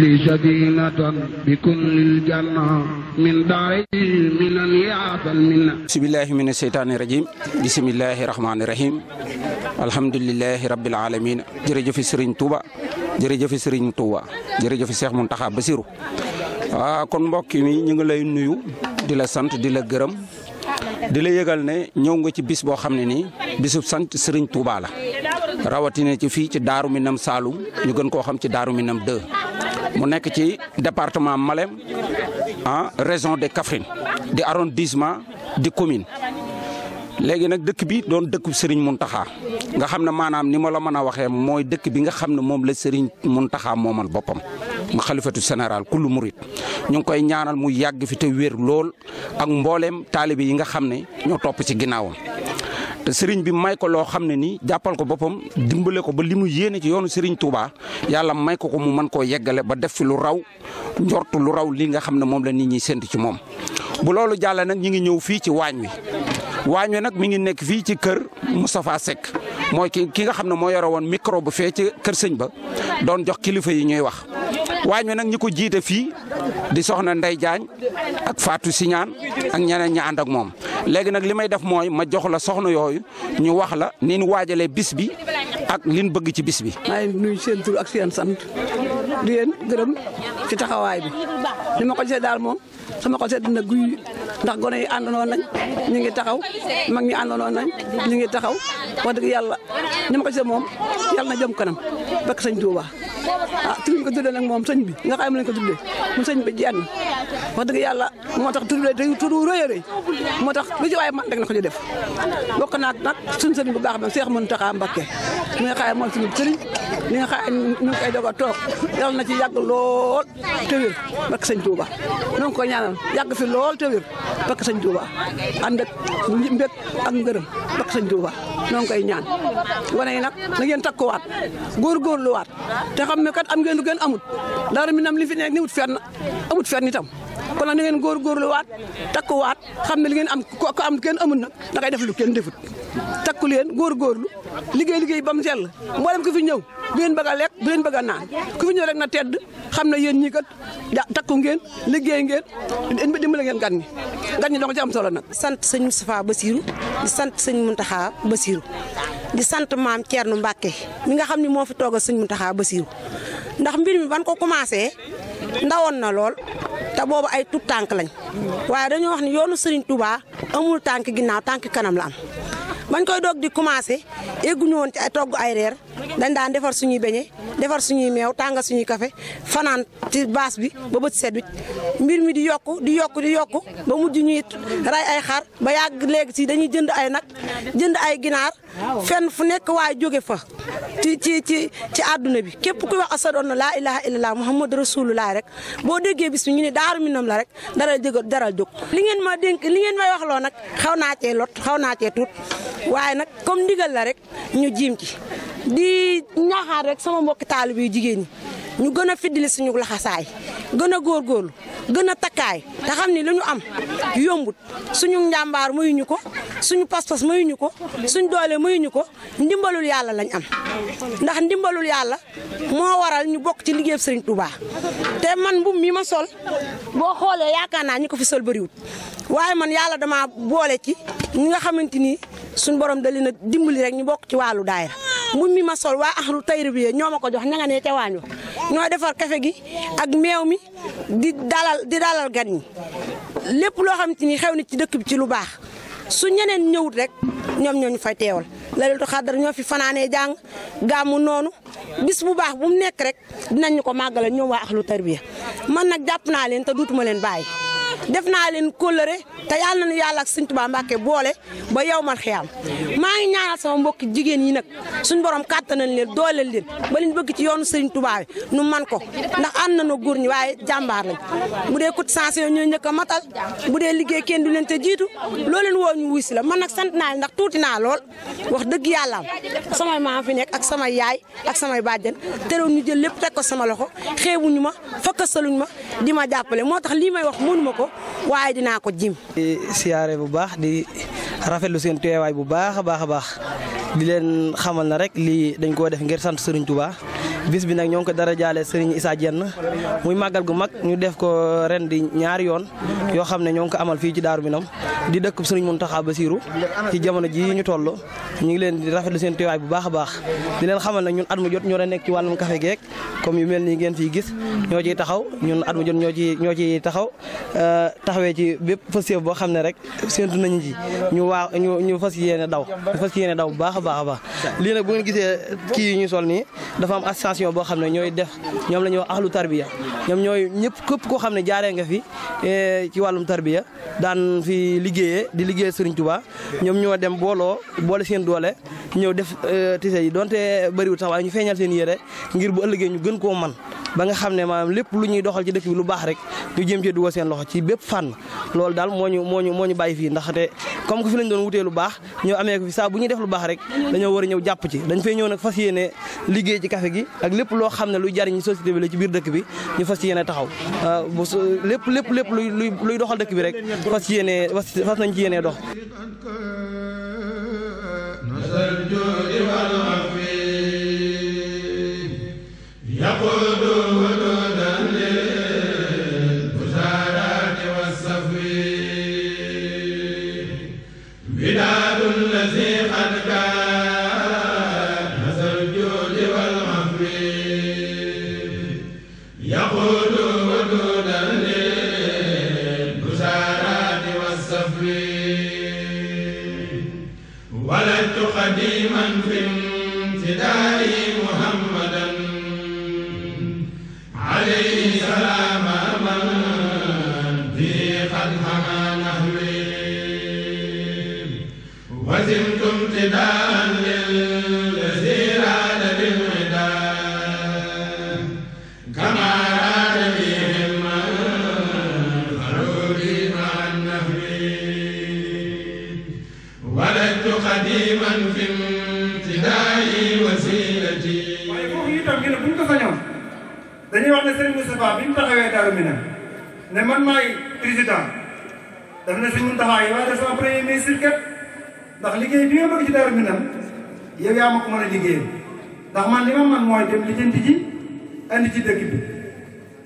لي سكينة بكل الجنة من داري من يعطى المنة بسم الله من الشيطان الرجيم بسم الله الرحمن الرحيم الحمد لله jërëjëf Serigne Touba jërëjëf Serigne Touba jërëjëf Cheikh Mountakha Bassirou waaw kon mbokk mi ñu ngi lay nuyu di la sant di la gërëm di la yëgal ne ñëw nga ci bis boo xam ne ni bisu sant Serigne Touba la rawatina ci fii ci Daaru Minam Saloum ñu gën koo xam ci Daaru Minam 2 mu nekk ci département Malem ah région de Kaffrine di arrondissement di commune léegi nag dëkk bi doon dëkk mun Mountakha nga xam ne maanaam ni ma la mën a waxee mooy dëkk bi nga xam ne moom la mun Mountakha moomal boppam mu xalifatu général kullu murit ñu ngi koy ñaanal mu yàgg fi te wér lool ak mbooleem taalibe yi nga xam ne ñoo topp ci ginnaawam. te sëriñ bi may ko loo xam ne nii jàppal ko boppam dimbale ko ba li mu yéene ci yoonu sëriñ Touba yàlla may ko ko mu mën koo yeggale ba def fi lu raw njortu lu raw lii nga xam ne moom la nit ñi sént ci moom bu loolu jàll nag ñi ngi ñëw fii ci waañ wi waañ wi nag mi ngi nekk fii ci kër Moustapha Seck mooy ki ki nga xam ne moo yore woon micro bu fee ci kër sëñ ba doon jox kilifa yi ñuy wax waañ wi nag ñi ko jiite fii di soxna Ndey Jaañ ak Fatou Siñaan ak ñeneen ña ànd ak moom léegi nag li may def mooy ma jox la soxna yooyu ñu wax la ni ñu waajalee bis bi ak liñ bëgg ci bis bi. seen tur ak seen sant. di leen gërëm ci taxawaay bi li ma ko gisee daal moom sama xol sedd na guy ndax gone yi àndandoo nañ ñu ngi taxaw mag ñi àndandoo nañ ñu ngi taxaw wax dëgg yàlla ni ma ko gisee moom yàlla na jëm kanam bakk sëñ Tuuba ah tuñ ko tuddee nag moom sëñ bi nga xam ne lañ ko tuddee mu sëñ bi jenn wax dëgg yàlla moo tax tur bi day tur moo tax lu ci waaye man rek na ko ñu def bokk naag nag suñu sëriñ bu baax bi Seex Muntaxa Mbakke mi nga xaye mooy suñu sëriñ mi nga xaye ñu ngi koy a toog yàlla na ci yàgg lool te wér barke sëñ Tuuba ñoo ngi ko ñaanal yàgg fi lool te wér barke sëñ Tuuba ànd ak mbég ak ngërëm barke sëñ Tuuba ñoo ngi koy ñaan wane yi nag na ngeen takkuwaat góorgóorluwaat te xam ne kat am ngeen lu gën amut dara mi nam li fi nekk ni wut fenn amut fenn itam kon nag góor góor lu waat takku waat xam ne li ngeen am ko am kenn amul nag da ngay def lu kenn defut takku leen góorgóorlu liggéey liggéey ba mu sell mboolem ku fi ñëw bu leen bëgg lekk bu leen bëgg a naan ku ñëw rek na tedd xam na yéen ñi kat takku ngeen liggéey ngeen dimbale ngeen gan ñi gan ñi dong ci am solo nag. sant sëñ Moustapha Bassirou di sant sëñ Mountakha Bassirou di sant maam nu Mbacke mi nga xam ni moo fi toogal sëñ Mountakha Bassirou ndax mbir mi ban ko commencé ndawoon na lool. te boobu ay tut tànk lañ waaye dañoo wax ne yoonu Serigne Touba amul tànk ginnaaw tànk kanam la am bañ koy doog di commencé egguñu woon ci ay togg ay reer dañ daan defar suñuy beñe defar suñu meew tànga suñuy kafe fanaan ci baas bi ba bët set mbir mi di yokk di yokku di yokku ba mujj ñuy rey ay xar ba yàgg léegi si dañuy jënd ay nag jënd ay ginaar fenn fu nekk waaye jóge fa ci ci ci ci àdduna bi képp ku kuy wax asadu an laa ilaha illallah muhammadu rasulullah rek boo déggee bis bi ñu ne daaru minam la rek dara jóg dara jóg li ngeen ma dénk li ngeen may wax nag xaw naa cee lot xaw naa cee tuut waaye nag comme ndigal la rek ñu jiim ci di ñaaxaar rek sama mbokki taalibe yu jigéen ñi ñu gën a fiddili suñu laxasaay gën a góor góorgóorlu gën a takkaay te xam ni lu ñu am yombut suñu njàmbaar mayuñu ko suñu pas-pas mayuñu ko suñu doole mayuñu ko ndimbalul yàlla lañ am ndax ndimbalul yàlla moo waral ñu bokk ci liggéeyub Serigne Touba te man mbubb mi ma sol boo xoolee yaakaar naa ñi ko fi sol bëriwut waaye man yàlla dama boole ci ñi nga xamante ni suñ borom dali na dimbali rek ñu bokk ci wàllu daayira mbuñ mi ma sol waa axlu tayribiya ñoo ma ko jox ña nga ne ca waañ wa ñoo defar kafe gi ak meew mi di dalal di dalal gan ñi lépp loo xam ni xew na ci dëkk bi ci lu baax su ñeneen ñëwut rek ñoom ñoo ñu fay teewal laliltu xaddar ñoo fi fanaanee jàng gàmmu noonu bis bu baax bu mu nekk rek dinañ ñu ko màggale ñoom waa axlu tarbiya man nag jàpp naa leen te duutuma leen bàyyi def naa leen kóllëre te yal nañu yàlla ak sëñ Tuubaa Mbàkke boole ba yow mal xiyaam maa ngi ñaanal sama mbokki jigéen yi nag suñu borom kàttanal leen dooleel leen ba liñ bëgg ci yoonu sëriñ Tuubaa nu man ko ndax ànd nañoo góor ñi waaye jàmbaar lañ bu dee cotisation ñoo njëkk a matal bu dee liggéey keen du leen te jiitu loo leen woo ñu wuy si la man nag sant naa ndax tuuti naa lool wax dëgg yàlla ma sama maa fi nekk ak sama yaay ak samay bàjjen terew ñu jël lépp teg ko sama loxo xeebuñu ma fakkasaluñ ma di ma jàppale moo tax lii may wax mënuma ko waaye dinaa ko jim. siyaare bu baax di rafetlu seen teewaay bu baax a baax a baax di leen xamal na rek lii dañ koo def ngir sant Serigne Touba. bis bi nag ñoo ngi ko dara jaale Serigne Issa Dieng muy màggal gu mag ñu def ko ren di ñaari yoon yoo xam ne ñoo ngi ko amal fii ci Daaru nam di dëkk Serigne Mountakha Bassirou ci jamono ji ñu toll ñu ngi leen di rafetlu seen teewaay bu baax a baax di leen xamal nag ñun at mu jot ñoo da nekk ci wàllum café geek comme yu mel nii ngeen fiy gis ñoo ciy taxaw ñun at mu jot ñoo ci ñoo ciy taxaw euh, taxawee ci bépp fas boo xam ne rek séntu nañu ji ñu waa ñu ñu fas yéene daw ñu fas yéene daw bu baax a baax baax lii nag bu ngeen gisee kii ñu sol nii dafa am association boo xam ne ñooy def ñoom la ñuy wax ahlu tarbiya ñoom ñooy ñëpp këpp koo xam ne jaaree nga fi e, ci wàllum tarbiya daan fi liggéeyee di liggéey Serigne Touba ñoom ñoo dem booloo boole seen seen doole ñëw def euh, tise yi donte bëriwul sax waaye ñu feeñal seen yére ngir bu ëllëgee ñu gën koo man ba nga xam ne maanaam lépp lu ñuy doxal ci dëkk bi lu baax rek ñu jëm ci dugal seen loxo ci bépp fànn loolu daal moo ñu moo ñu moo ñu bàyyi fii ndaxte comme que fi lañ doon wutee lu baax ñëw amee ko fi saa bu ñuy def lu baax rek dañoo war a ñëw jàpp ci dañ fay ñëw nag fas yéene liggéey ci café gi ak lépp loo xam ne lu jariñ société bi la ci biir dëkk bi ñu fas yéene taxaw euh, lépp lépp lépp luy luy doxal dëkk bi rek fas yéene fas nañ ci yéene dox sarjo Daaru Minam ne man maay président daf ne suñu taxawaay waaye def sama premier ministre kat ndax liggéey bi nga bëgg ci Daaru Minam yow yaa ma ko mën a liggéeyal ndax man li ma man mooy dem lijjanti ji andi ci dëkk bi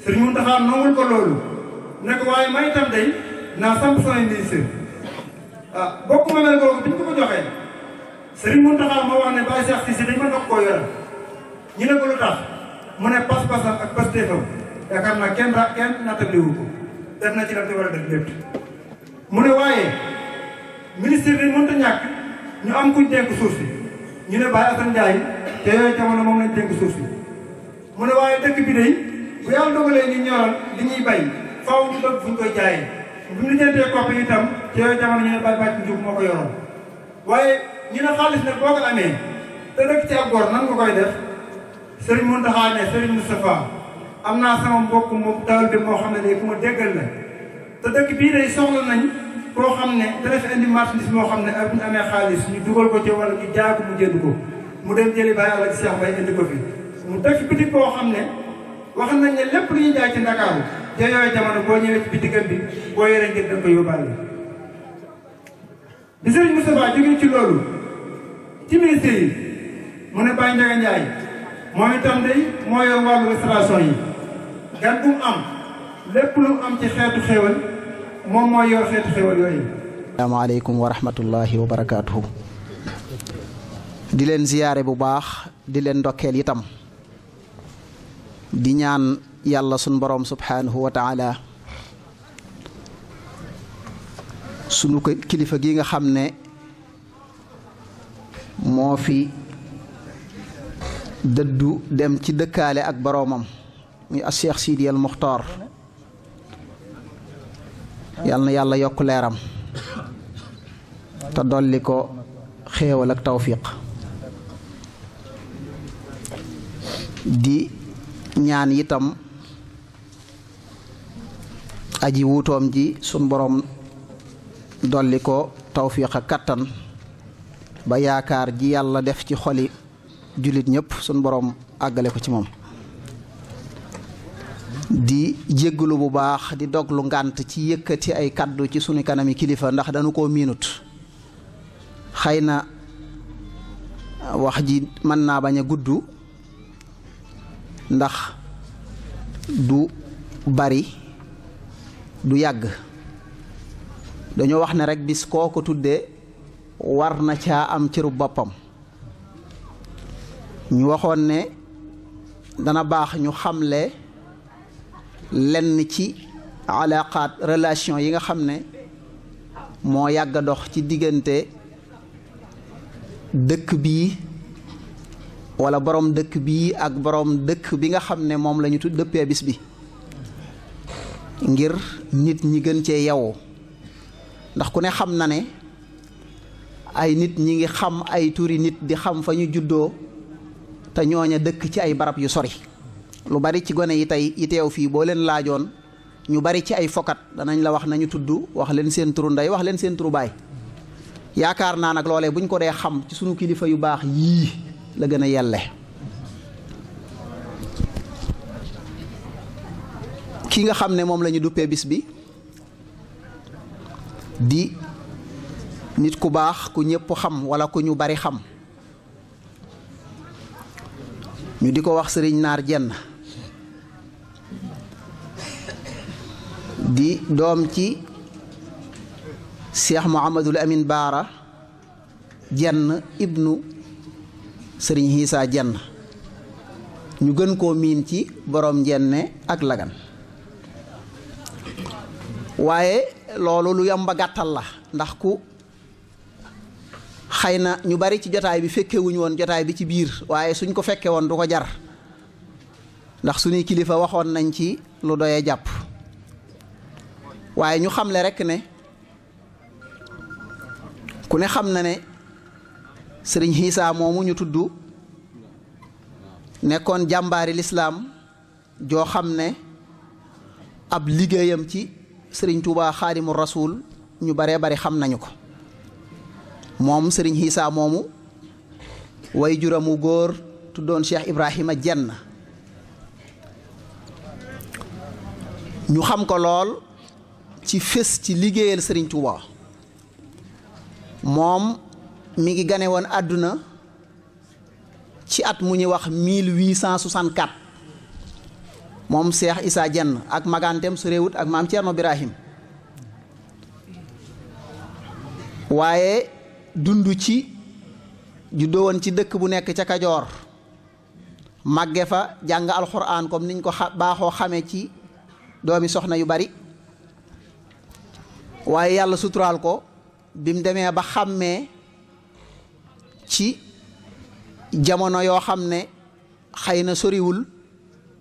Sëriñ Muntaxa nangul ko loolu ne ko waaye may itam day naa samp sama ministre ah bokk ma mel boobu bi ñu ko ko joxee Sëriñ Muntaxa moo wax ne Baye Cheikh Cissé dañ ma dox koo yore ñu ne ko lu tax mu ne pas-pasam ak pas-téefam yaakaar na kenn ra kenn nattabliwu ko def na ci daf ci war a def lépp mu ne waaye ministre bi mënut a ñàkk ñu am kuñ dénk suuf si ñu ne Baye Assane Ndiaye te yooyu jamono moom lañ dénk suuf si mu ne waaye dëkk bi day bu yàlla dogalee ñu ñoral li ñuy bay faaw ñu bëgg fu ñu koy jaayee bu ñu jëndee kopp itam te yooyu jamono ñu ne Baye Bàcc Njuub moo ko yoroon waaye ñu ne xaalis nag boo ko amee te dëkk ci ab góor nan nga koy def Serigne Mountakha ne Serigne Moustapha am naa sama mbokk moom taalibe moo xam ne day ku ma déggal la te dëkk bii de soxla nañ koo xam ne te fi indi marchandise moo xam ne ak ñu amee xaalis ñu dugal ko ci wala ñu jaay mu jënd ko mu dem jëli bàyyi àlla ci seex indi ko fi mu def bitig boo xam ne wax nañ ne lépp lu ñuy jaay ci Ndakaaru ja yooyu jamono boo ñëwee ci bitigam bi boo yoree ngir da ko yóbbaale bi sëriñ Moustapha jógee ci loolu ci ministère yi mu ne Baye Ndiaga moo yor wàllu yi gan bu mu am lépp lu am ci xeetu xéewal moom mooy yor xeetu xéewal yooyu. asalaamaaleykum wa rahmatullahi wa barakaatuhu. di leen ziyaare bu baax di leen ndokkeel itam. di ñaan yàlla sunu boroom subhaanahu wa kilifa gi nga xam ne moo fi dëddu dem ci dëkkaale ak boroomam. muy a Cheikh Sidi al Muxtaar yal na yàlla yokk leeram te dolli ko xéewal ak tawfiq di ñaan itam aji wuutoom ji suñ boroom dolli ko tawfiq ak kattan ba yaakaar ji yàlla def ci xoli jullit ñëpp sun borom àggale ko ci moom di jégglu bu baax di doglu ngànt ci yëkkati ay kàddu ci sunu kanami kilifa ndax dañu koo miinut xëy na wax ji mën naa bañ a gudd ndax du bari du yàgg dañoo wax ne rekk bis koo ko tuddee war na caa am cëru boppam ñu waxoon ne dana baax ñu xamle lenn ci alaqaat relation yi nga xam ne moo yàgg a dox ci diggante dëkk bii wala boroom dëkk bii ak boroom dëkk bi nga xam ne moom la ñu tudd dëppee bis bi ngir nit ñi gën cee yeewu ndax ku ne xam na ne ay nit ñi ngi xam ay turi nit di xam fa ñu juddoo te ñooña dëkk ci ay barab yu sori lu bari ci gone yi tey yi teew fii boo leen laajoon ñu bari ci ay fokat danañ la wax nañu tudd wax leen seen turu ndey wax leen seen turu baay yaakaar naa nag loolee buñ ko dee xam ci sunu kilifa yu baax yii la gën a yelle ki nga xam ne moom lañu ñu duppee bis bi di nit ku baax ku ñëpp xam walla ku ñu bari xam ñu di ko wax sëriñ naar jenn di doom ci Cheikh Mouhamadul Amin Baara jenn ibnu sëriñ Xiisa jenn ñu gën koo miin ci boroom njenne ak lagan waaye loolu lu yomba gàttal la ndax ku xëy na ñu bari ci jotaay bi fekkewuñu woon jotaay bi ci biir waaye suñ ko fekke du ko jar ndax suñuy kilifa waxoon nañ ci lu doye jàpp waaye ñu xamle rekk ne ku ne xam na ne sëriñ Xiisa moomu ñu tudd nekkoon jàmbaari lislaam joo xam ne ab liggéeyam ci sëriñ Tuubaa Xaadimu Rasuul ñu baree bari xam nañu ko moom sëriñ Xiisa moomu way juramu góor tuddoon Cheikh Ibrahima Jenn ñu xam ko lool ci fés ci liggéeyal sëriñ Touba moom mi ngi gane woon àdduna ci at mu ñuy wax 1864 moom Cheikh Issa Diène ak maganteem su réewut ak maam Thierno Birahim waaye dund ci juddoo woon ci dëkk bu nekk ca Kajoor màgge fa jàng alxuraan comme niñ ko baaxoo xamee ci doomi soxna yu bari waaye yàlla suturaal ko bi mu demee ba xàmmee ci jamono yoo xam ne xëy na soriwul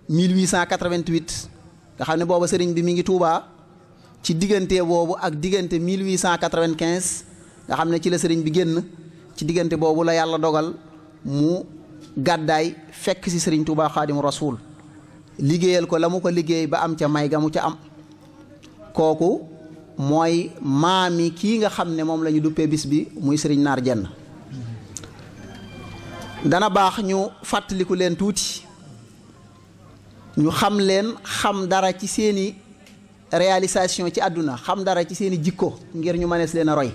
1888 nga xam ne booba sëriñ bi mi ngi Touba ci diggante boobu ak diggante 1895 nga xam ne ci la sëriñ bi génn ci diggante boobu la yàlla dogal mu gàddaay fekk si sëriñ Touba Xaadimu Rasuul liggéeyal ko la mu ko liggéey ba am ca may ga mu ca am kooku mooy maami kii nga xam ne moom lañu ñu duppee bis bi muy sëriñ naar jenn dana baax ñu fàttaliku leen tuuti ñu xam leen xam dara ci seeni réalisation ci àdduna xam dara ci seeni jikko ngir ñu mënees leen a roy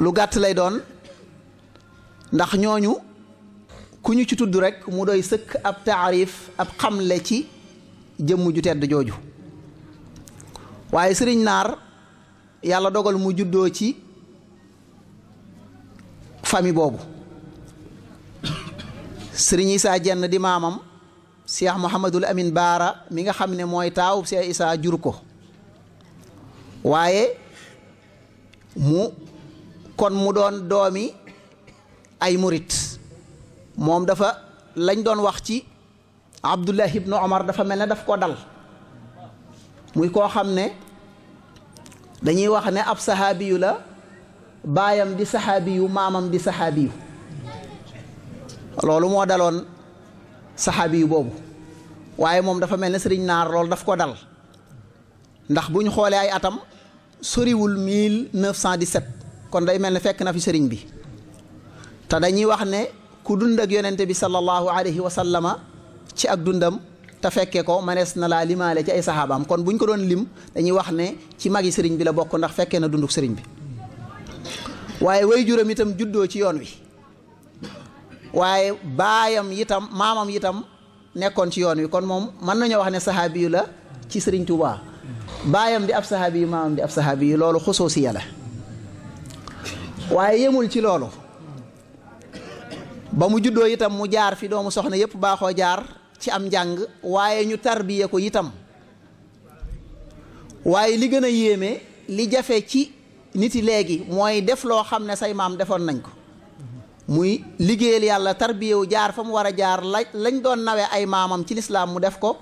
lu gàtt lay doon ndax ñooñu ku ñu ci tudd rekk mu doy sëkk ab taarif ab xamle ci jëmm ju tedd jooju waaye sëriñ naar yàlla dogal mu juddoo ci famille boobu sëriñ Issa jenn di maamam Cheikh Mouhamadul Amin Baara mi nga xam ne mooy taawu Cheikh Issa jur ko waaye mu kon mu doon doomi ay murit moom dafa lañ doon wax ci Abdullah ibnu Omar dafa mel ne daf koo dal muy koo xam ne dañuy wax ne ab saxaabiyu la baayam di saxaabiyu maamam di saxaabi yu loolu moo daloon saxaabi yu boobu waaye moom dafa mel ne sëriñ naar loolu daf ko dal ndax bu ñu xoolee ay atam soriwul 1917 kon day mel ne fekk na fi sëriñ bi te dañuy wax ne ku dund ak yonente bi sallallahu alayhi wa ci ak dundam te fekke ko manees na laa limaale ci ay saxaabaam kon buñ ko doon lim dañuy wax ne ci magi sëriñ bi la bokk ndax fekkee na dunduk sëriñ bi waaye way juram itam juddoo ci yoon wi waaye baayam itam maamam itam nekkoon ci yoon wi kon moom mën nañoo wax ne saxaabi yu la ci sëriñ Tuubaa baayam di ab saxaabi yu maamam di ab saxaabi yu loolu xusoosiya la waaye yemul ci loolu ba mu juddoo yitam mu jaar fi doomu soxna yépp baaxoo jaar ci am njàng waaye ñu tarbiya ko itam waaye li gën a yéeme li jafe ci nit yi léegi mooy def loo xam ne say maam defoon nañ ko muy liggéeyal yàlla tarbiyewu jaar fa mu war a jaar la lañ doon nawe ay maamam ci lislaam mu def ko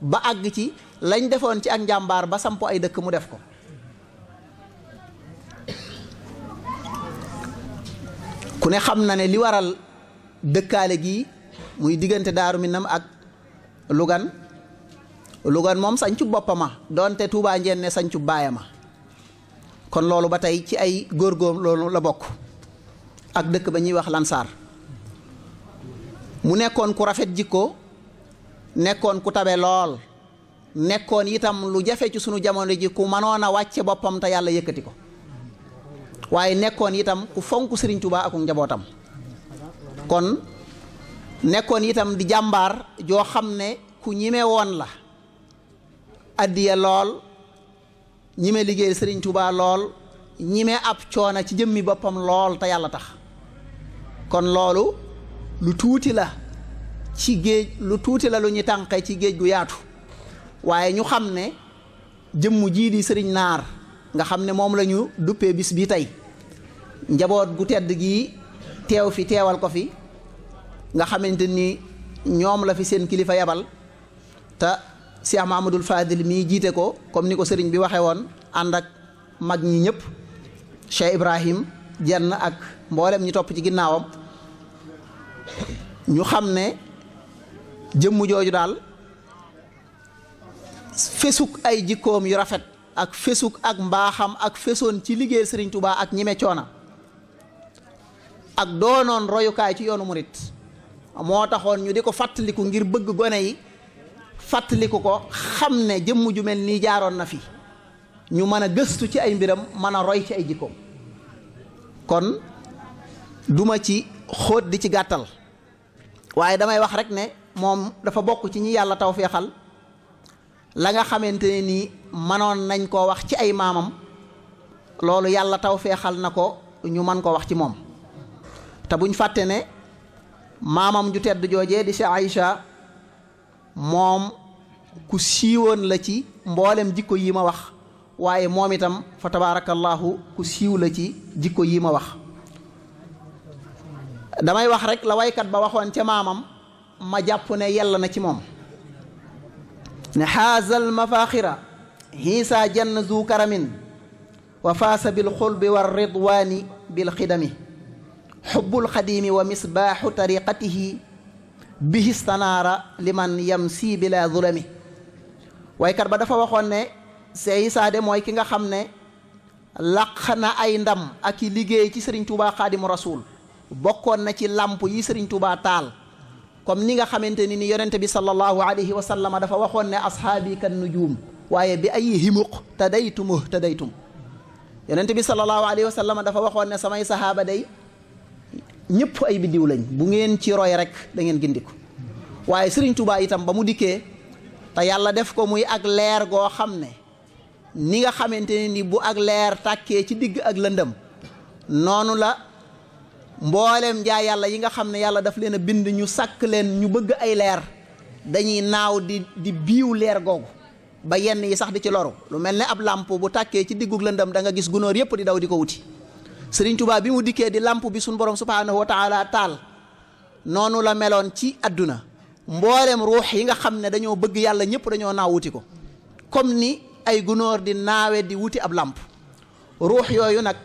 ba àgg ci lañ defoon ci ak njàmbaar ba samp ay dëkk mu def ko ku ne xam na ne li waral dëkkaale gi muy diggante daaru minam ak lugan lugan moom sañcu boppama doonte tuubaa Ndiène ne sañcu ma kon loolu ba tey ci ay góorgóor loolu la bokk ak dëkk ba ñuy wax Lansar mu nekkoon ku rafet jikko nekkoon ku tabe lool nekkoon itam lu jafe ci sunu jamono ji ku mënoon a wàcce boppam te yàlla yëkkati ko waaye nekkoon itam ku fonk Serigne Touba ak njabootam kon nekkoon itam di jàmbaar joo xam ne ku ñime woon la addiya lool ñime liggéey sëriñ Tuubaa lool ñime ab coono ci jëmmi boppam lool te yàlla tax kon loolu lu tuuti la ci géej lu tuuti la lu ñuy tànqe ci géej gu yaatu waaye ñu xam ne jëmm jii di sëriñ naar nga xam ne moom lañu ñu duppee bis bi tey njaboot gu tedd gi teew fi teewal ko fi nga xamante ni ñoom la fi seen kilifa yabal te Cheikh Mahamadul Fadil mii jiite ko comme ni ko sëriñ bi waxee woon ànd ak mag ñi ñëpp Cheikh Ibrahim jenn ak mboolem ñi topp ci ginnaawam ñu xam ne jëmm jooju daal fesuk ay jikkoom yu rafet ak fesuk ak mbaaxam ak fesoon ci liggéeyal sëriñ tubaa ak ñime coona ak doonoon royukaay ci yoonu murit moo taxoon ñu di ko fàttaliku ngir bëgg gone yi fàttaliku ko xam ne jëmm ju mel nii jaaroon na fi ñu mën a gëstu ci ay mbiram mën a roy ci ay jikkoom kon duma ci xóot di ci gàttal waaye damay wax rek ne moom dafa bokk ci ñi yàlla taw feexal la nga xamante ne nii mënoon nañ koo wax ci ay maamam loolu yàlla taw feexal na ko ñu mën koo wax ci moom te buñ fàtte ne maamam ju tedd jooje di si moom ku siiwoon la ci mbooleem jikko yi ma wax waaye moom itam fa tabaarakallaahu ku siiw la ci jikko yi ma wax damay wax rek la waykat ba waxoon ca maamam ma jàpp ne yell na ci moom ne xaazal mafaxira xiisa jann zu karamin wa faasa bil xulbi war ridwaani bil xidami xubbul xadiimi wa misbaaxu tariqatihi bihi stanaara liman yam sii bila zulami waykat ba dafa waxoon ne seeyi saade mooy ki nga xam ne làq na ay ndam ak liggéey ci sëriñ Tuubaa xaadimu rasuul bokkoon na ci làmp yi sëriñ Tuubaa taal comme ni nga xamante ni ni yonente bi sallallahu alayhi wa sallama dafa waxoon ne ashaabi kan nujuum waaye bi ay himuq tadaytumu tadaytum yonente bi sallallahu alayhi wa sallama dafa waxoon ne samay sahaaba day ñëpp ay biddiw lañ bu ngeen ci roy rek dangeen ngeen gindiku waaye Serigne Touba itam ba mu dikkee te yàlla def ko muy ak leer goo xam ne ni nga xamante ne ni bu ak leer tàkkee ci digg ak lëndëm noonu la mboolem jaa yàlla yi nga xam ne yàlla daf leen a bind ñu sàkk leen ñu bëgg ay leer dañuy naaw di di biiw leer googu ba yenn yi sax di ci loru lu mel ne ab làmp bu tàkkee ci diggu lëndëm da nga gis gunóor yëpp di daw di ko wuti sëriñ tubaab bi mu dikkee di làmp bi suñ borom subhaanahu wa taala taal noonu la meloon ci àdduna mboolem ruux yi nga xam ne dañoo bëgg yàlla ñëpp dañoo naaw wuti ko comme ni ay gunóor di naawe di wuti ab làmp ruux yooyu nag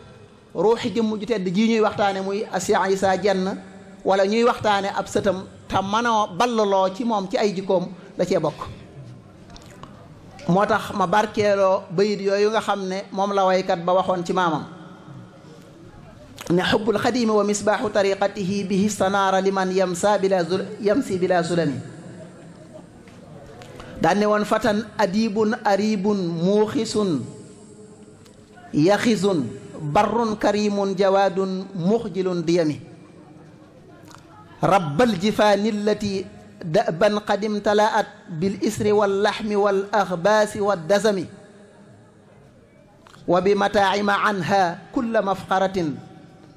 ruux jëmm ju tedd ji ñuy waxtaane muy Asiya sa jenn wala ñuy waxtaane ab sëtam te manoo ballaloo ci moom ci ay jikkoom la cee bokk moo tax ma barkeeloo bayit yooyu nga xam ne moom la waykat ba waxoon ci maamam ne xubbul xadimi wa misbaaxu tariqatihi bihi sanaara liman yamsa bila zul yamsi bila zulami daan ne woon fatan adibun aribun muuxisun yaxisun barrun karimun jawaadun muxjilun diyami rabbal jifaani allati daban qadim talaat bil isri wal laxmi wal axbaasi wad dasami wa bi mataaima anha kulla mafqaratin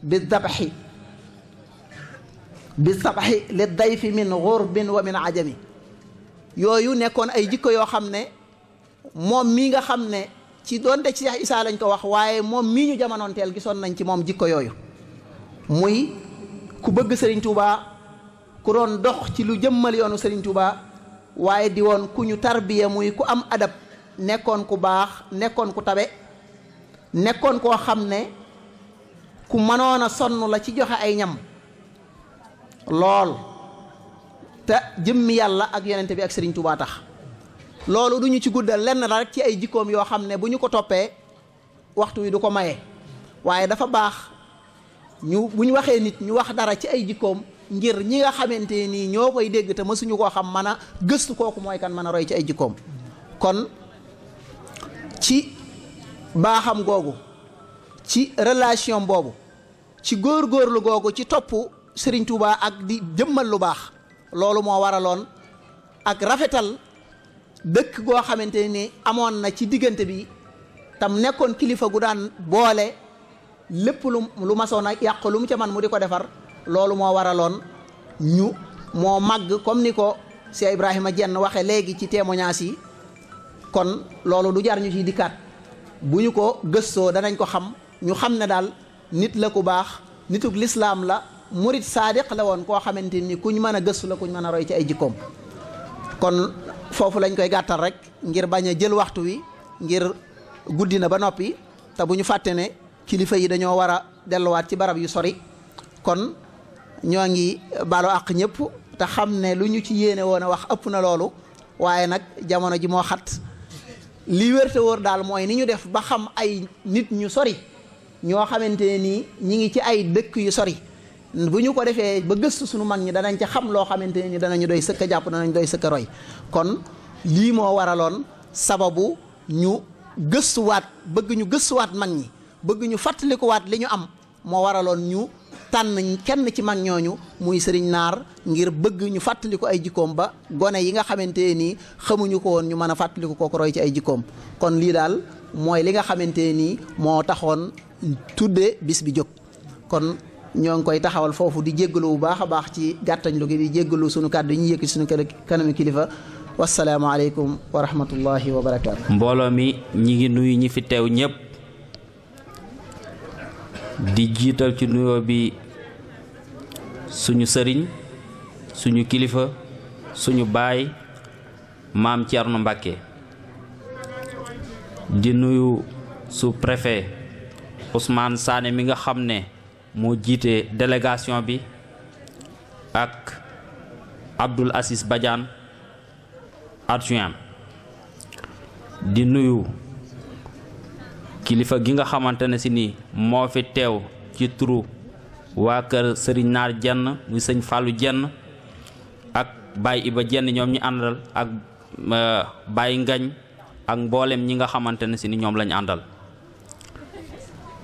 bi dabaxi bi fi li dayfi min xurbin wa min ajami yooyu nekkoon ay jikko yoo xam ne moom mii nga xam ne ci doonte ci Cheikh lañ ko wax waaye moom mii ñu jamonoonteel gisoon nañ ci moom jikko yooyu muy ku bëgg Serigne Touba ku doon dox ci lu jëmmal yoonu Serigne Touba waaye di woon ku ñu tarbiya muy ku am adab nekkoon ku baax nekkoon ku tabe nekkoon koo xam ne ku mënoon a sonn la ci joxe ay ñam lool te jëmm yàlla ak yonente bi ak Serigne Touba tax loolu duñu ci guddal lenn la rek ci ay jikkoom yoo xam ne bu ñu ko toppee waxtu wi du ko maye waaye dafa baax ñu bu ñu waxee nit ñu wax dara ci ay jikkoom ngir ñi nga xamante nii ñoo koy dégg te mësuñu koo xam mën a gëstu kooku mooy kan mën a roy ci ay jikkoom kon ci baaxam googu ci relation boobu ci góor góorlu googu ci topp Serigne Touba ak di jëmmal lu baax loolu moo waraloon ak rafetal dëkk goo xamante ni amoon na ci diggante bi tam nekkoon kilifa gu daan boole lépp lu lu masoon a yàq lu mu ci man mu di ko defar loolu moo waraloon ñu moo màgg comme ni ko si Ibrahima Jenn waxe léegi ci témoignage yi kon loolu du jar ñu ciy dikkaat bu ñu ko gëstoo danañ ko xam ñu xam ne daal nit la ku baax nituk lislaam la murit saadiq la woon koo xamante ni kuñ mën a gëstu la kuñ mën a roy ci ay jikkoom kon foofu lañ koy gàttal rek ngir bañ a jël waxtu wi ngir guddi na ba noppi te bu ñu fàtte ne kilifa yi dañoo war a delluwaat ci barab yu sori kon ñoo ngi baalu àq ñëpp te xam ne lu ñu ci yéene woon a wax ëpp na loolu waaye nag jamono ji moo xat li wérte wóor daal mooy ni ñu def ba xam ay nit ñu sori ñoo xamante ne nii ñi ngi ci ay dëkk yu sori bu ñu ko defee ba gëstu suñu mag ñi danañ ca xam loo xamante ne nii danañu doy sëkk jàpp danañ doy sëkk roy kon lii moo waraloon sababu ñu gëstuwaat bëgg gëstuwaat mag ñi bëgg ñu fàttalikuwaat li ñu am moo waraloon ñu tànn kenn ci mag ñooñu muy sëriñ naar ngir bëgg ñu fàttaliku ay jikkoom ba gone yi nga xamante nii xamuñu ko woon ñu mën a fàttaliku kooku roy ci ay jikkoom kon lii daal mooy li nga xamante nii moo taxoon tudde bis bi jóg kon ñoo ngi koy taxawal foofu di jéggalu bu baax a baax ci gàttañlu gi di jéggalu sunu kàddu yi ñu yëkkati sunu kanami kilifa wasalaamaaleykum wa rahmatullahi wa mbooloo mi ñi ngi nuyu ñi fi teew ñëpp di jiital ci nuyoo bi suñu sëriñ suñu kilifa suñu baay maam nu Mbacke. di nuyu su préfet Ousmane Sané mi nga xam ne moo jiite délégation bi ak Abdoul Aziz Badiane adjoint di nuyu kilifa gi nga xamante ne si ni moo fi teew ci turu waa kër sëriñ naar jenn muy sëñ Fallou jenn ak Baye Iba jenn ñoom ñu àndal ak euh, Baye Ngañ ak mboolem ñi nga xamante ne si ni ñoom lañu àndal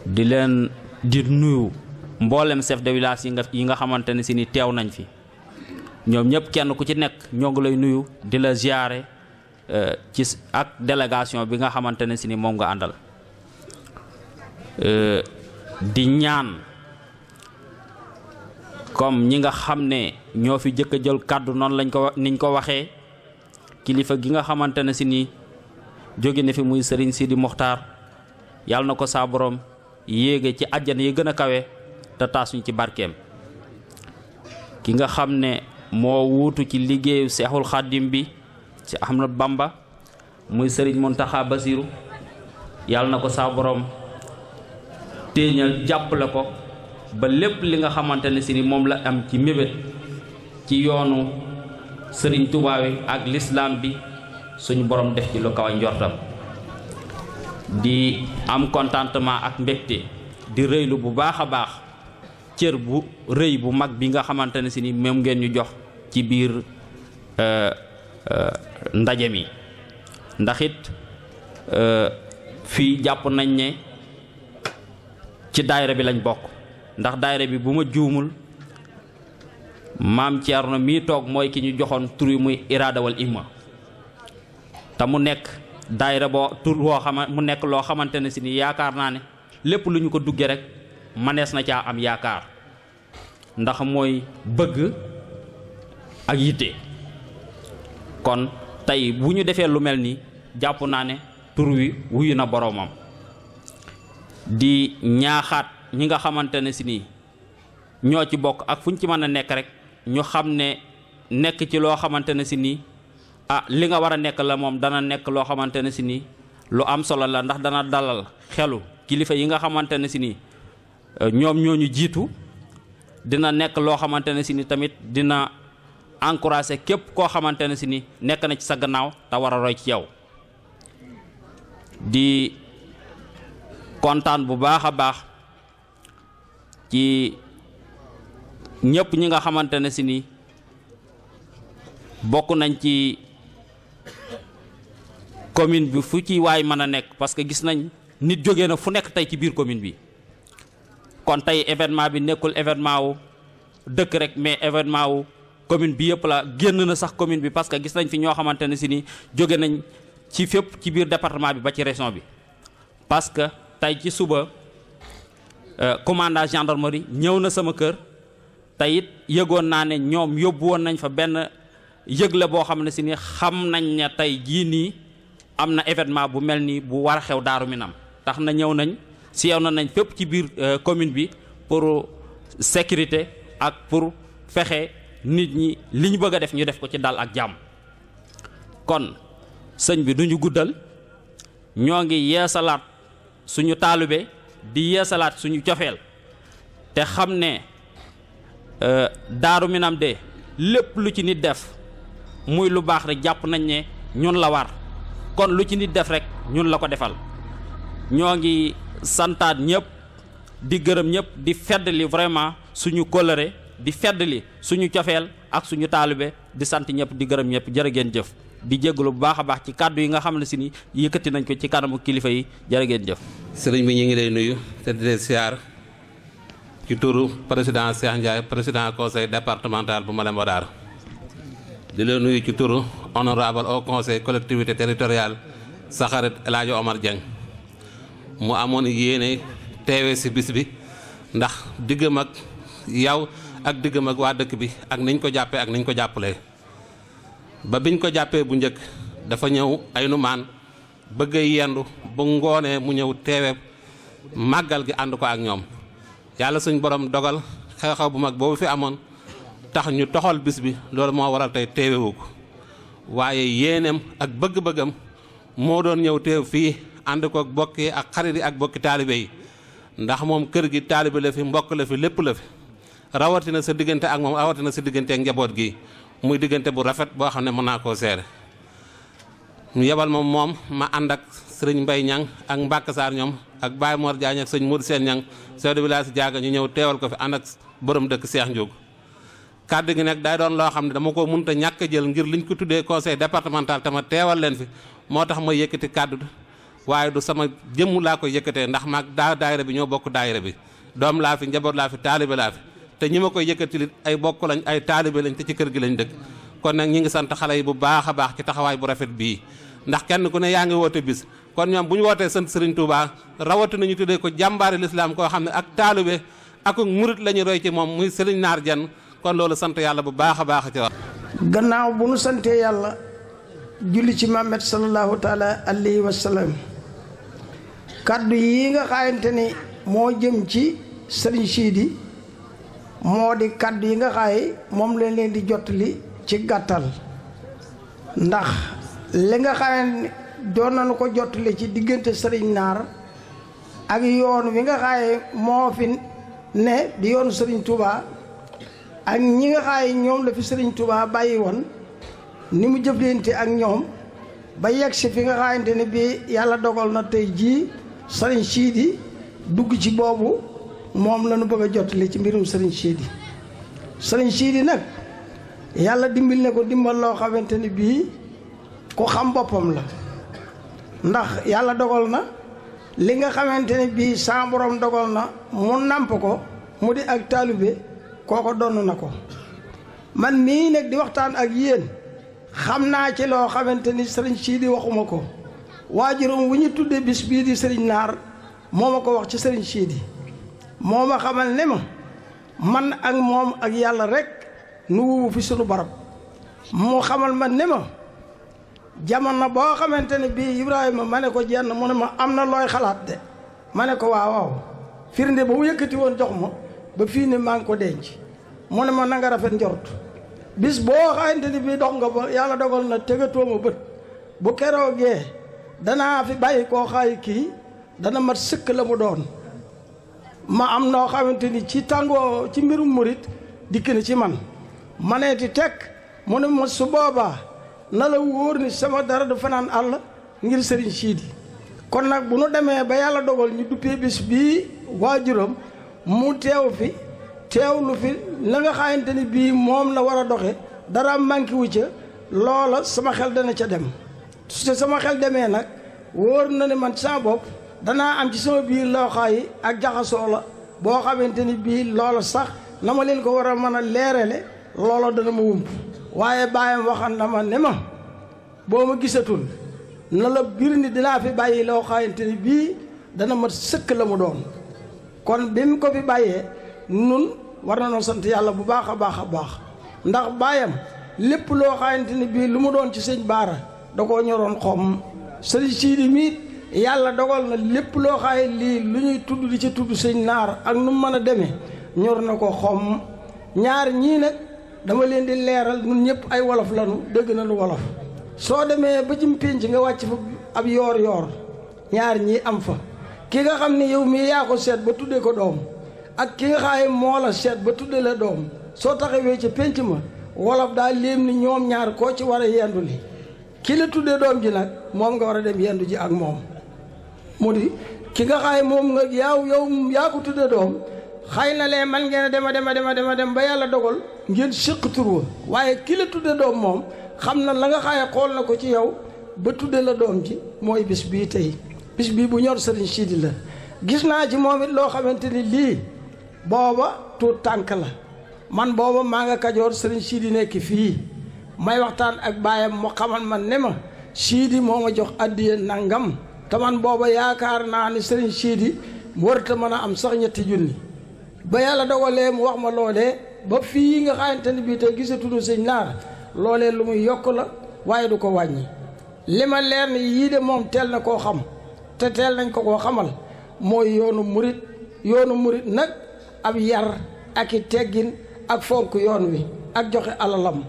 di leen di nuyu mboolem sef de village yi nga yi nga xamante ne si ni teew nañ fi ñoom ñëpp kenn ku ci nekk ñoo ngi lay nuyu di la ziare eh, ci ak délégation bi nga xamante ne si ni moom nga àndal eh, di ñaan comme ñi nga xam ne ñoo fi jëkk a jël kàddu noonu lañ ko niñ ko waxee kilifa gi nga xamante si ni jóge na fi muy sëriñ Sidi Moxtaar yàlla na ko saaboroom yéege ci àjjan yi gën a kawe te taasuñ ci barkeem ki nga xam ne moo wuutu ci liggéeyu seexul xaddim bi ci am na Bamba muy sëriñ Muntaxa Basiru yàlla na ko saaboroom borom téeñal jàppale ko ba lépp li nga xamante ne si moom la am ci mébét ci yoonu sëriñ Tuubaa ak lislaam bi suñu borom def ci lu kaw njortam di am contentement ak mbégte di rëylu bu baax a baax cër bu rëy bu mag bi nga xamante ne si ni moom ngeen ñu jox ci biir euh, euh, ndaje mi ndax it euh, fii jàpp nañ ne ci daayira bi lañ bokk ndax daayira bi bu ma juumul maam na mii toog mooy ki ñu joxoon tur muy iraada wal imma te mu nekk daayira boo tur woo xam mu nekk loo xamante ne si ni yaakaar naa ne lépp lu ñu ko duggee rek mënees na caa am yaakaar ndax mooy bëgg ak yitte kon tey bu ñu defee lu mel nii jàpp naa ne tur wi wuyu na boroomam di ñaaxaat ñi nga xamante ne si nii ñoo ci bokk ak fu ñu ci mën a nekk rek ñu xam ne nekk ci loo xamante ne si nii a ah, li nga war a nekk la moom dana nekk loo xamante ne si nii lu am solo la ndax dana dalal xelu kilifa yi nga xamante ne si nii eh, ñoom ñoo ñu jiitu dina nekk loo xamante ne si ni tamit dina encouragé képp koo xamante ne si ni nekk na ci sa gannaaw te war a roy ci yow di kontaan bu baax a baax ci ñëpp ñi nga xamante si ni bokk nañ ci commune bi fu ci waay mën a nekk parce que gis nañ nit jógee na fu nekk tey ci biir commune bi kon tey événement bi nekkul événement wu dëkk rek mais événement wu commune bi yëpp la génn na sax commune bi parce que gis nañ fi ñoo xamante ne si ni jóge nañ ci fépp ci biir département bi ba ci région bi parce que tey ci suba euh, commandant gendarmerie ñëw na sama kër tey it yëgoon naa ne ñoom yóbbu woon nañ fa benn yëgle boo xam ne si ni xam nañ ne tey jii nii am na événement bu mel nii bu war a xew Daaru Minam tax na ñëw nañ siyew na nañ fépp ci biir euh, commune bi pour sécurité ak pour fexe nit ñi li ñu bëgg a def ñu def ko ci dal ak jàmm kon sëñ bi duñu guddal ñoo ngi yeesalaat suñu taalibe di yeesalaat suñu jofeel te xam ne euh, Daaru Minam de lépp lu ci nit def muy lu baax rek jàpp nañ ne ñun la war kon lu ci nit def rek ñun la ko defal ñoo ngi santaat ñëpp di gërëm ñëpp di feddali vraiment suñu kóllëre di feddali suñu cofeel ak suñu taalibe di sant ñëpp di gërëm ñëpp jërë ngeen jëf di jégalu bu baax a baax ci kàddu yi nga xam ne si ni yëkkati nañ ko ci kanamu kilifa yi jërë ngeen jëf. sëriñ bi ñu ngi lay nuyu te di siyaar ci turu président Cheikh Ndiaye président conseil départemental bu ma Malem Hodar di la nuyu ci turu. honorable au conseil collectivité territoriale sa xarit El Omar Dieng mu amoon yéene teewee si bis bi ndax diggam ak yow ak diggam ak waa dëkk bi ak niñ ko jàppee ak niñ ko jàppale ba biñ ko jàppee bu njëkk dafa ñëw ay nu maan bëgg yendu bu ngoonee mu ñëw teewe màggal gi ànd ko ak ñoom yàlla suñ borom dogal xew-xew bu mag boobu fi amoon tax ñu toxal bis bi loolu moo waral tey teewewu ko waaye yéeneem ak bëgg-bëggam moo doon ñëw teew fii ànd ko bokki ak xarit yi ak bokki taalibe yi ndax moom kër gi taalibe la fi mbokk la fi lépp la fi rawatina sa diggante ak moom rawatina sa diggante ak njaboot gi muy diggante bu rafet boo xam ne mën naa koo seere ñu yebal ma moom ma ànd ak sëriñ Mbay Ñang ak Mbàkke Saar ñoom ak Baay Mor Jaañ ak sëñ Mur Seen Ñang chef de village Jaaga ñu ñëw teewal ko fi ànd ak borom dëkk Seex Njóogu kàddu gi nag day doon loo xam ne dama ko mënut a ñàkk a jël ngir liñ ko tuddee conseil départemental te ma teewal leen fi moo tax ma yëkkati kàddu waaye du sama jëmm laa ko yëkkatee ndax maag daa daayira bi ñoo bokk daayira bi doom laa fi njaboot laa fi taalibe laa fi te ñi ma koy yëkkatilit ay bokk lañ ay taalibe lañ te ci kër gi lañ dëkk kon nag ñi ngi sant xale yi bu baax a baax ci taxawaay bu rafet bii ndax kenn ku ne yaa ngi woote bis kon ñoom bu ñu wootee sant Serigne Touba rawati nañu tuddee ko jàmbaari lislaam koo xam ne ak taalibe ak murit la ñu roy ci moom muy Serigne Naar Dieng kon loolu sant yàlla bu baax a baax ci wax gannaaw bu nu santee yàlla julli ci Muhammad sallallahu taala alayhi wa sallam kàddu yi nga xaayante ni moo jëm ci sëriñ Sidi moo di kàddu yi nga xaay moom leen leen di jottali ci gàttal ndax li nga xaayante doon nañu ko jottali ci diggante sëriñ naar ak yoon wi nga xaay moo fi ne di yoonu sëriñ Touba. ak ñi nga xaay ñoom la fi sëriñ Touba bàyyi woon ni mu jëflante ak ñoom ba yegg si fi nga xaayante ne bii yàlla dogal na tey jii sëriñ Sidi dugg ci boobu moom la ñu bëgg a jottali ci mbirum sëriñ Sidi sëriñ Sidi nag yàlla dimbil ne ko dimbal loo xamante ne bii ko xam boppam la ndax yàlla dogal na li nga xamante ne bii sa borom dogal na mu nàmp ko mu di ak taalibe kooko donn na ko man mii nag di waxtaan ak yéen xam naa ci loo xamante ni sëriñ sii di waxuma ko waajuram wu ñu tudde bis bii di sëriñ naar moo ma ko wax ci sëriñ sii di moo xamal ne ma man ak moom ak yàlla rek nu wuwu fi sunu barab mu xamal ma ne ma jamono boo xamante ne bii Ibrahima ma ne ko jenn mu ne ma am na looy xalaat de ma ne ko waaw waaw firnde ba mu yëkkati woon jox ma ba fii ne maa ngi ko denc mu ne ma na nga rafet njort bis boo xamante ni bii dox nga ba yàlla dogal na tegatoo ma bët bu keroogee dana fi bàyyi koo xaay kii dana mat sëkk mu doon ma am na xamante ni ci tàngoo ci mbirum murit dikk ci man ma nee ti tekk mu ne ma su boobaa na la wóor ni sama dara du fanaan àll ngir sëriñ siidi kon nag bu nu demee ba yàlla dogal ñu duppee bis bii waajuram mu teew fi teewlu fi la nga xamante ni bii moom la war a doxe dara manqué wu ca loola sama xel dana ca dem su sama xel demee nag wóor na ne man sama bopp danaa am ci sama biir looxaa yi ak jaxasoo la boo xamante ni bii loola sax na ma leen ko war a mën a leerale loola dana ma wump waaye bàyyam waxan ma ne ma boo ma gisatul na la biir ni dinaa fi bàyyi loo xamante ni bii dana ma sëkk la mu doon kon bi mu ko fi bàyyee nun war na noo sant yàlla bu baax a baax a baax ndax baayam lépp loo xamante ni bii lu mu doon ci sëñ baara da koo ñoroon xom sëriñ siidi miit yàlla dogal na lépp loo xaaye lii lu ñuy tudd di ci tudd sëñ naar ak nu mu mën a demee ñor na ko xom ñaar ñii nag dama leen di leeral nun ñëpp ay wolof lanu dégg na lu wolof soo demee ba jëm pénc nga wàcc fa ab yoor yoor ñaar ñii am fa ki nga xam ni yow mii yaa ko seet ba tuddee ko doom ak ki nga xaaye moo seet ba tuddee la doom soo taxawee ca pénc ma wolof daa léem ni ñoom ñaar koo ci war a yendu li ki la tuddee doom ji nag moom nga war a dem yendu ji ak moom mu di ki nga xaaye moom nga yaaw yow yaa ko tuddee doom xay na lee man ngeen a dem a dem a dem a dem ba yàlla dogal ngeen séq tur wa waaye ki la tudde doom moom xam na la nga xaaye xool na ko ci yow ba tudde la doom ji mooy bis bii tey bis bii bu ñor sëriñ Sidi la gis naa ci moom it loo xamante ni lii booba tuut tànk la man booba maa nga kajoor sëriñ Sidi nekk fii may waxtaan ak baayam mu xamal ma ne ma Sidi moo ma jox addiye nangam te man booba yaakaar naa ni sëriñ Sidi warta mën a am sax ñetti junni ba yàlla dogalee mu wax ma loolee ba fii yi nga xamante ni bii te gisatuñu sëñ naar loolee lu muy yokk la waaye du ko wàññi li ma leer ni yii de moom teel na koo xam te teel nañ ko koo xamal mooy yoonu murit yoonu murit nag ab yar ak i teggin ak fonk yoon wi ak joxe alalam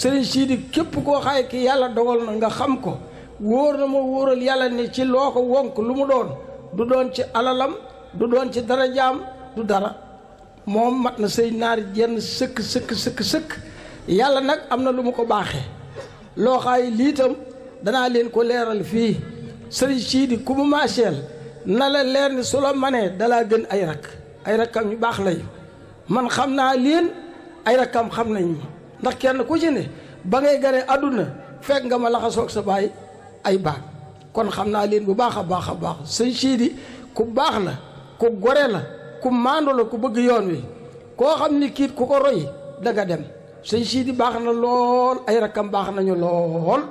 sëriñ siidi képp koo xaye ki yàlla dogal na nga xam ko wóor na ma wóoral yàlla ni ci loo ko wonk lu mu doon du doon ci alalam du doon ci dara jaam du dara moom mat na sëy naari jenn sëkk sëkk sëkk sëkk yàlla nag am na lu mu ko baaxee loo xaay liitam danaa leen ko leeral fii sëriñ siidi ku mu maaseel na la leer ni su manee dalaa gën ay rakk ay rakkam yu baax lañu man xam naa leen ay rakkam xam nañ ma ndax kenn ku ci ne ba ngay gane àdduna fekk nga ma laxasoog sa baay ay baat kon xam naa leen bu baax a baax a baax sëriñ siidi ku baax la ku gore la ku maandu la ku bëgg yoon wi koo xam ni kiit ku ko roy danga dem sëñ siidi baax na lool ay rakkam baax nañu lool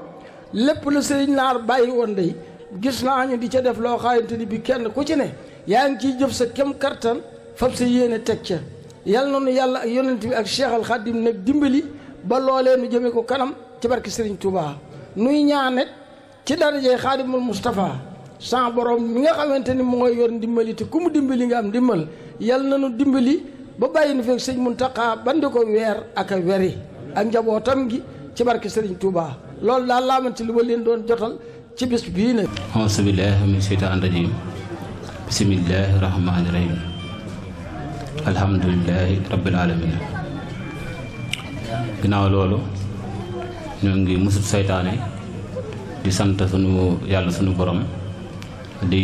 lépp la sëriñ naar bàyyi woon day gis naa ñu di ca def loo xaayante ni bi kenn ku ci ne yaa ngi ciy jëf sa kem kartan fab sa yéene teg ca yal na yàlla ak yonent bi ak Cheikh Al Khadim dimbali ba loolee nu jëmee ko kanam ci barki Serigne Touba nuy ñaanet ci darajee Xaadimul Moustapha sans borom mi nga xamante ni mooy yor ndimbali te ku mu dimbali nga am ndimbal yal na nu dimbali ba bàyyi nu fekk sëñ mun bandi ko weer ak a weri ak njabootam gi ci barki Serigne Touba loolu daal laa mën ci leen doon jotal. ci bis bii ne auzu billaahi min seytaan rajiim bismillaahi rahmaani rahiim alhamdulillaahi alamin ginnaaw loolu ñoo ngi musut seytaane di sant sunu yàlla sunu borom di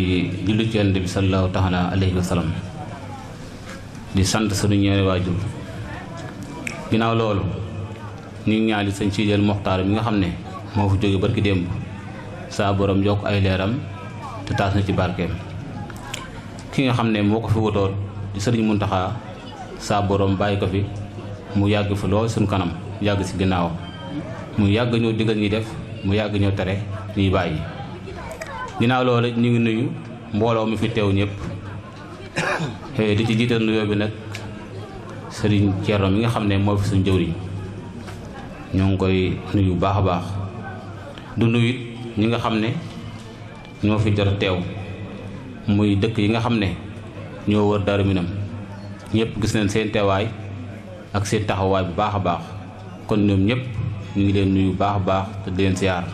julli ci yonent bi sallallahu taala alayhi wa di sant sunu ñaari waajur ginnaaw loolu ñu ngi ñaali sëñ Siidel Moxtaar mi nga xam ne moo fi jóge barki démb saa borom yokk ay leeram te taas na ci barkeem ki nga xam ne moo ko fi wutoon di sëriñ Muntaxa saa borom bàyyi ko fi mu yàgg fi lool suñ kanam yàgg si ginnaaw mu yàgg ñoo digal ñi def mu yàgg ñoo tere ñuy bàyyi ginnaaw loolu ñu ngi nuyu mbooloo mu fi teew ñëpp eh, di ci jiital nuyoo bi nag sëriñ Thierno mi nga xam ne moo fi suñ jëwriñ ñoo ngi koy nuyu baax a baax du nuyu ñi nga xam ne ñoo fi jot teew muy dëkk yi nga xam ne ñoo wër Daaru Minam ñëpp gis nañ seen teewaay ak seen taxawaay bu baax a baax kon ñoom ñëpp ñu ngi leen nuyu baax a baax te di leen siyaar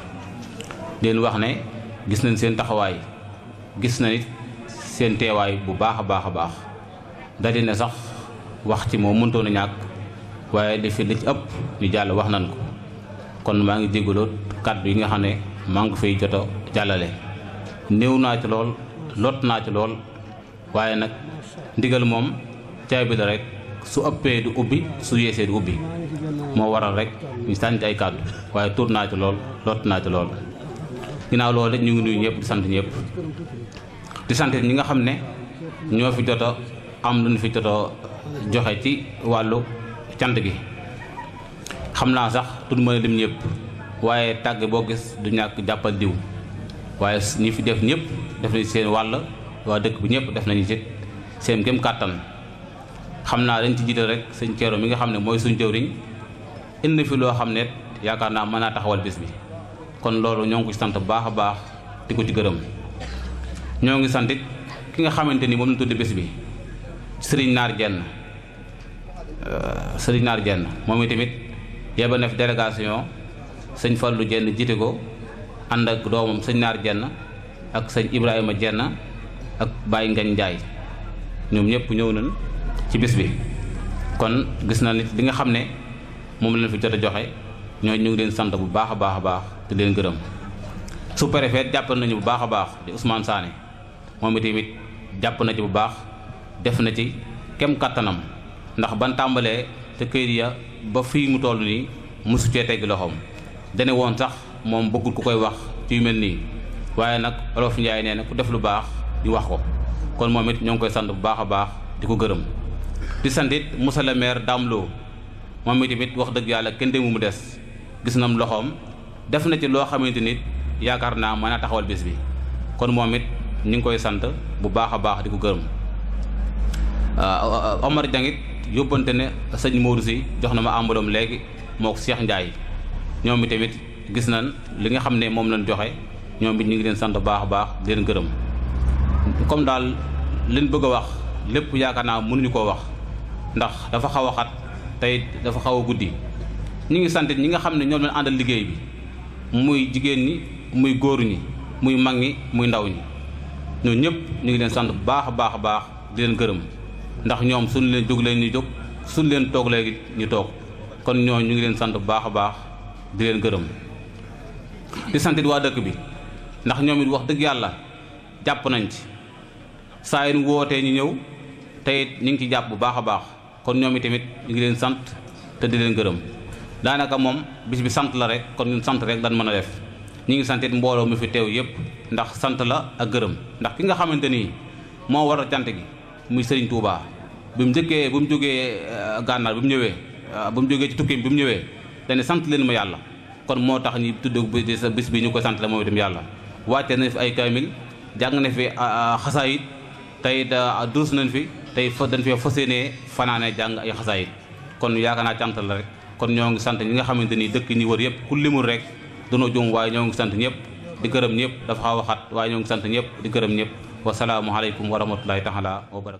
leen wax ne gis nañ seen taxawaay gis na nit seen teewaay bu baax a baax a baax daldi sax wax ci moom mëntoon a ñàkk waaye defi li ci ëpp ñu jàll wax nañ ko kon maa ngi jégaloo kàddu yi nga xam ne maa ngi fay jot a jàllale néew naa ci lool lot naa ci lool waaye nag ndigal moom caabi la rek su ëppee du ubbi su yeesee du ubbi moo waral rek ñu sànni ay kàddu waaye tuur naa ci lool lot naa ci lool ginnaaw loolu ñu ngi nuyu ñëpp di sant ñëpp di sant ñi nga xam ne ñoo fi jot am lu nu fi jot joxe ci wàllu cant gi xam naa sax du mën a lim ñëpp waaye tàgg boo gis du ñàkk jàppal diw waaye ñi fi def ñëpp def nañ seen wàll waa dëkk bi ñëpp def nañu ci seen gëm kàttan xam naa dañ ci jiital rek sëñ Ceerno mi nga xam ne mooy suñ jëwriñ indi fi loo xam ne yaakaar naa mën naa taxawal bis bi kon loolu ñoo ngi ko sant bu baax a baax di ko ci gërëm ñoo ngi sant ki nga xamante ni moom la tudd bis bi sëriñ Naar Jenn euh, sëriñ Naar Jenn moom itamit yebal na fi délégation sëñ Fallou Jenn jiite ko ànd ak doomam sëñ Naar Jenn ak sëñ Ibrahima Jenn ak Baye Ngañ Njaay ñoom ñëpp ñëw nañ ci bis bi kon gis na nit li nga xam ne moom leen fi jot a joxe ñooy ñu ngi leen sant bu baax a baax a baax te leen gërëm su préfet jàppal nañu bu baax a baax di Ousmane Sané moom itamit jàpp na ci bu baax def na ci kem kattanam ndax ban tàmbalee te këyit ya ba fii mu toll nii mësu cee teggi loxoom dane woon sax moom bëggul ku koy wax ci yu mel nii waaye nag olof Njaay nee na ku def lu baax di wax ko kon moom it ñoo ngi koy sant bu baax a baax di ko gërëm di sant it le maire Dame moom itamit wax dëgg yàlla kenn dému mu des gis nam loxoom def na ci loo xamante nit yaakaar naa mën a taxawal bés bi kon moom it ñu ngi koy sant bu baax a baax di ko gërëm ah, Omar Diang yóbbante ne sëñ Modou si jox na ma ambaloom léegi moo ko Cheikh Ndiaye ñoom tamit gis na li nga xam ne moom lañ joxe ñoom bi ñu ngi leen sant baax baax di leen gërëm comme daal leen bëgg a wax lépp yaakaar naa mënuñu koo wax ndax dafa xaw a xat tey dafa xaw a guddi ñu ngi sant ñi nga xam ne ñoom leen àndal liggéey bi muy jigéen ñi muy góor ñi muy mag ñi muy ndaw ñi ñoo ñëpp ñu ngi leen sant bu baax a baax a baax di leen gërëm ndax ñoom suñu leen jóg leen ñu jóg suñu leen toog léegi ñu toog kon ñoo ñu ngi leen sant bu baax a baax di leen gërëm di santit waa dëkk bi ndax ñoom it wax dëgg yàlla jàpp nañ ci saa nu wootee ñu ñëw te it ñu ngi ci jàpp bu baax a baax kon ñoom it tamit ñu ngi leen sant te di leen gërëm daanaka moom bis bi sant la rek kon ñun sant rek dañ mën a def ñu ngi santit mbooloo mu fi teew yépp ndax sant la ak gërëm ndax ki nga xamante nii moo war a gi muy Sëriñ Tuubaa bi mu njëkkee bi mu jógee euh, gànnaar bi mu ñëwee euh, bi mu jógee ci tukki bi mu ñëwee dane sant leen ma yàlla kon moo tax ñu tudd bis bi ñu ko sant la moom itam yàlla wàcce na fi ay kaamil jàng na fi ah, ah, xasaayit tey ah, duus nañ fi tey fa dañ fi fas yéenee fanaane jàng ay xasaayit kon yaakaar naa cant la rek kon ñoo ngi sant ñi nga xamante ni dëkk ñi wër yëpp ku limul rek dunoo jum waaye ñoo ngi sant ñëpp di gërëm ñëpp dafa xaw a xat waaye ñoo ngi sant ñëpp di gërëm ñëpp wasalaamualeykum wa rahmatulahi taala wa barakatu